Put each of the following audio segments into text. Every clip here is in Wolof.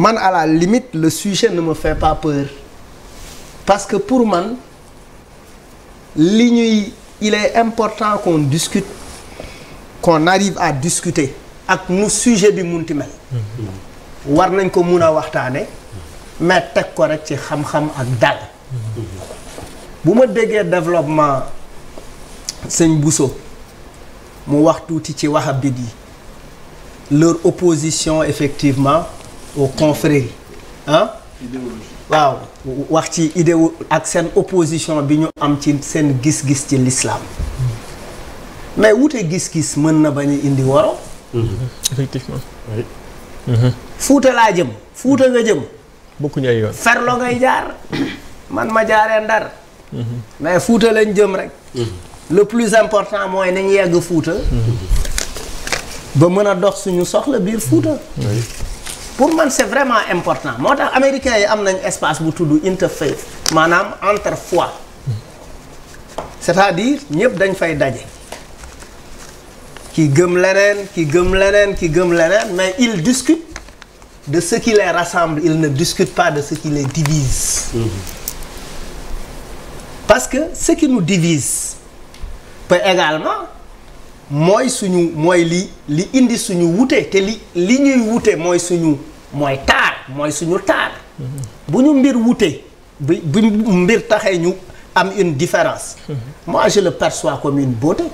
man à la limite le sujet ne me fait pas peur parce que pour moi, il est important qu'on discute qu'on arrive à discuter avec le sujet du monde. Mhm. war nañ ko pas a mais tek ko rek ci xam-xam ak mhm. développement Bousso mu wax leur opposition effectivement aux confréries ah waaw wax ci idéo ak seen opposition bi ñu am ci seen gis-gis ci lislaam mais wute gis-gis mën na ba a indi woro mm-hmm. effectivement mm-hmm. fuuta laa jëm fuutal nga jëm bokkuñu ay yoon ferlo ngay jaar man ma jaaree ndar mm-hmm. mais fuuta lañ jëm rek le plus important mooy nañ yegg fuuta ba mën a dox suñu soxla biir fuuta pour moi, c'est vraiment important Moi, américains espace pour entre foi cest à dire mais ils discutent de ce qui les rassemble ils ne discutent pas de ce qui les divise mm-hmm. parce que ce qui nous divise peut également moi, suñu nous li li moi tar moy suñu tar tard, mbir wouté bu mbir ñu am une différence. moi je le perçois comme une beauté.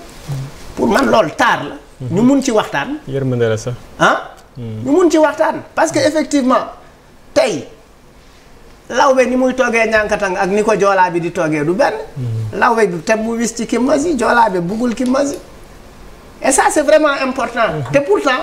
pour man lol tar la. ñu ci waxtaan. ah ñu ci waxtaan parce que effectivement tay lawbe ni muy ak niko la bi di du lawbe te mu wis et ça c'est vraiment important. Mhm. pourtant.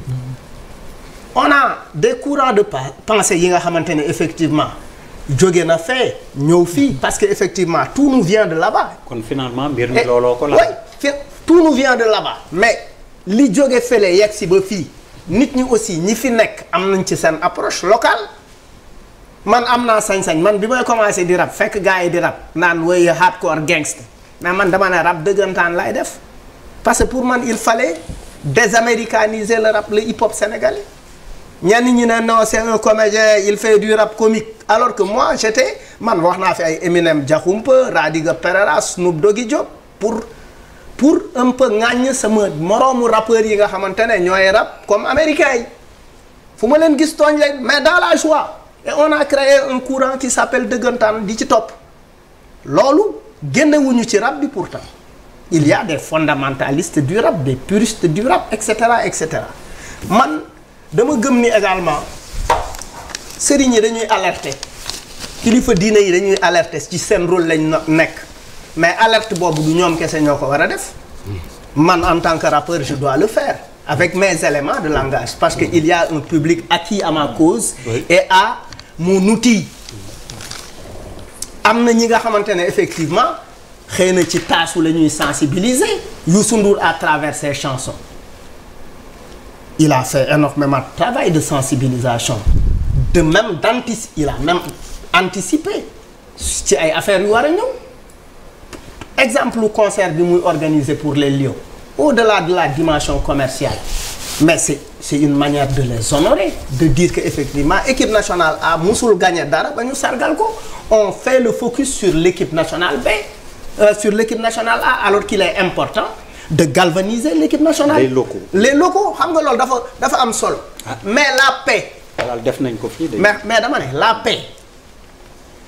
on a des courants de pensée yi nga qui effectivement jóge na fait ñeu fi parce que effectivement tout nous vient de là-bas. finalement eh, oui tout nous vient de là-bas. mais li fait nit ñi aussi ñi fi nek ci approche locale man amna sañ-sañ man bi commencé di rap fekk di rap nan hardcore gangster mais man dama na rap faire lay def parce que pour man il fallait désaméricaniser le rap le hip hop sénégalais non c'est un il fait du rap comique alors que moi j'étais man voilà fait fi Eminem Diakhoumpa Radiga Perera Snoop Doggy Job, pour pour un peu ŋàññ sama moroomu mon yi nga xamante ne un rap comme Américain Il faut que je gis mais dans la joie et on a créé un courant qui s'appelle dëggantaan di ci topp loolu génnewuñu ci rap bi pourtant il y a des fondamentalistes du rap des puristes du rap etc. etc man. Je mon également sëriñ yi dañuy alerter kilifa dire yi dañuy alerter ci seen rôle lañ mais alerte pour du ñoom kese ñoo ko war man en tant que rappeur je dois le faire avec mes éléments de langage parce qu'il y a un public acquis à ma cause et à mon outil am na ñi nga que ne effectivement xëy na ci taasu la nous sensibiliser Youssou à travers ces chansons il a fait énormément de travail de sensibilisation de même il a même anticipé ce qui concert bi organisé pour les Lions au-delà de la dimension commerciale mais c'est une manière de les honorer de dire que effectivement équipe nationale A Moussoul, gagné dara on fait le focus sur l'équipe nationale B euh, sur l'équipe nationale A alors qu'il est important de galvaniser l'équipe nationale. les locaux les locaux xam nga loolu dafa dafa am solo. Ah. mais la paix. def nañ ko fii mais mais dama ne la paix.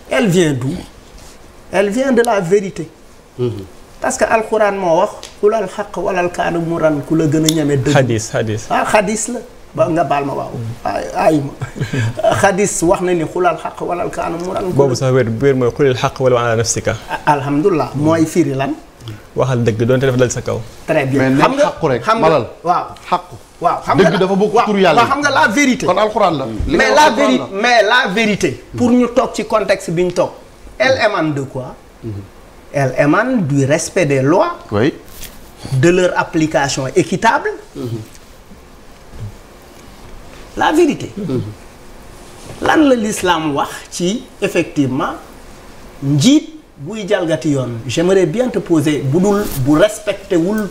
elle vient d'où elle vient de la vérité. Mhm. parce que alxuraan moo wax ku lal xaq walal kaanu mu ran ku la gën a ñeme ah xadis la. ba nga baal ma waaw ay ma xadis wax na ni xulal xaq walal kaanu mu ran. boobu sax wér wér mooy xulil xaq ala nafsika. alhamdulilah mooy firi lan waxal dëgg doonte def dal sa kaw. très bien xam nga xaqu rek malal waaw xaqu. waaw xam nga dëgg dafa bokk tur yàlla xam nga la vérité. kon alcorane la mais la vérité mais la vérité. pour ñu tok ci contexte biñ tok elle émane de quoi. Mhm. elle émane du respect des lois. oui. de leur application équitable. Mhm. la vérité. Mhm. lan la l'islam wax ci effectivement njiit buy j'aimerais bien te poser bu dul bu respecté wul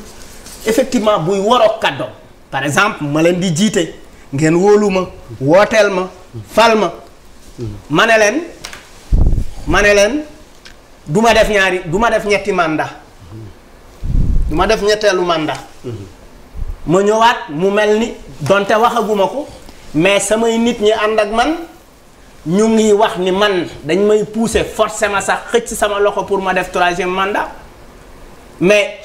effectivement buy woro cadeau par exemple malen di watelma, ngén woluma ma ma fal ma manelen manelen duma def ñaari duma def ñetti mandat duma def mu donte mais samay nit ñi and ak man ñu ngi wax ni man dañ may pousser forcément sax xëcc sama loxo pour ma def troisième mandat mais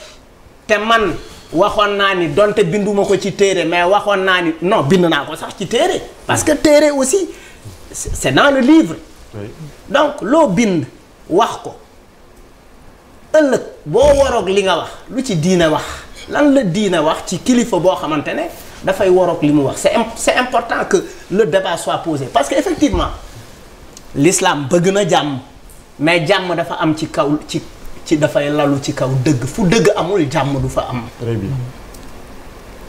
te man waxoon naa ni donte binduma ko ci téere mais waxoon naa ni non bind naa ko sax ci téere parce que téere aussi c'est dans le livre donc loo bind wax ko ëllëg boo waroog li nga wax lu ci diina wax lan la diina wax ci kilifa boo xamante ne dafay waroog li wax c'est c'est important que le débat soit posé parce que effectivement l'islam bëgg jam mais jam dafa am ci kaw ci ci dafay lalu ci kaw deug fu deug amul jam du fa am. très bien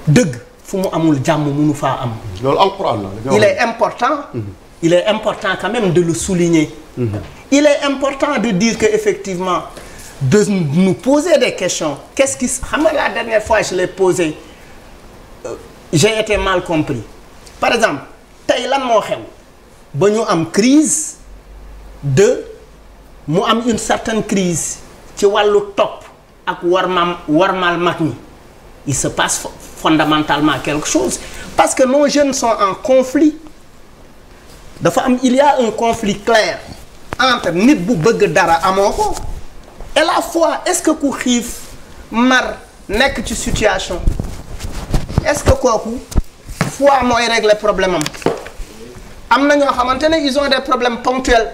dëgg fu mu amul jàmm munu fa am. loolu alcorane il est important. Mhm. il est important quand même de le souligner. Mhm. il est important de dire que effectivement de nous poser des questions qu'est-ce qui xam nga la dernière fois je l'ai posé euh, j'ai été mal compris par exemple tay lan mo xew nous avons une crise de, mu am une certaine crise Tu vois le top. avec mal il se passe fondamentalement quelque chose parce que nos jeunes sont en conflit il y a un conflit clair entre nit bu bëgg dara amoko et la foi. est-ce que ku m'a mar nekk situation est-ce que foi foi, mooy règle problème problèmes amna ñoo xamantene ils ont des problèmes ponctuels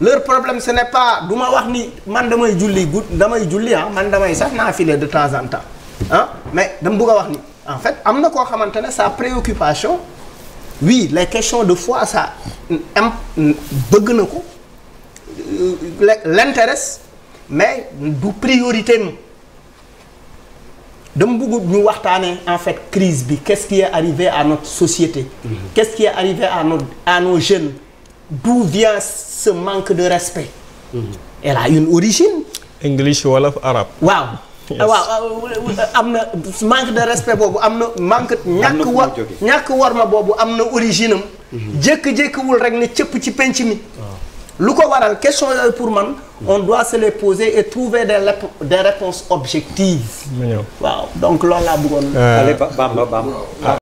leur problème ce n'est pas du wax ni man damay julli gu damay julli ah man damay sax na filer de temps en temps Hein? mais dama bëgg wax ni en fait amna ko xamantene sa préoccupation oui les questions de foi ça am bëgg nako euh, l'intérêt mais du priorité donc bëgg ñu waxtaanee en fait crise qu'est-ce qui est arrivé à notre société. Mhm. qu'est-ce qui est arrivé à nos à nos jeunes. d'où vient ce manque de respect. Mhm. elle a une origine. English ou arabe. Wow! waaw ah, ah, euh, manque de respect a am manque ñàkk war ñàkk war ma boobu origine am. Mhm. jékki-jékkiwul rek ne cëpp ci penc mi lu waral question pour man on doit se les poser et trouver des des réponses objectives waaw donc loolu laa bam, bam. bam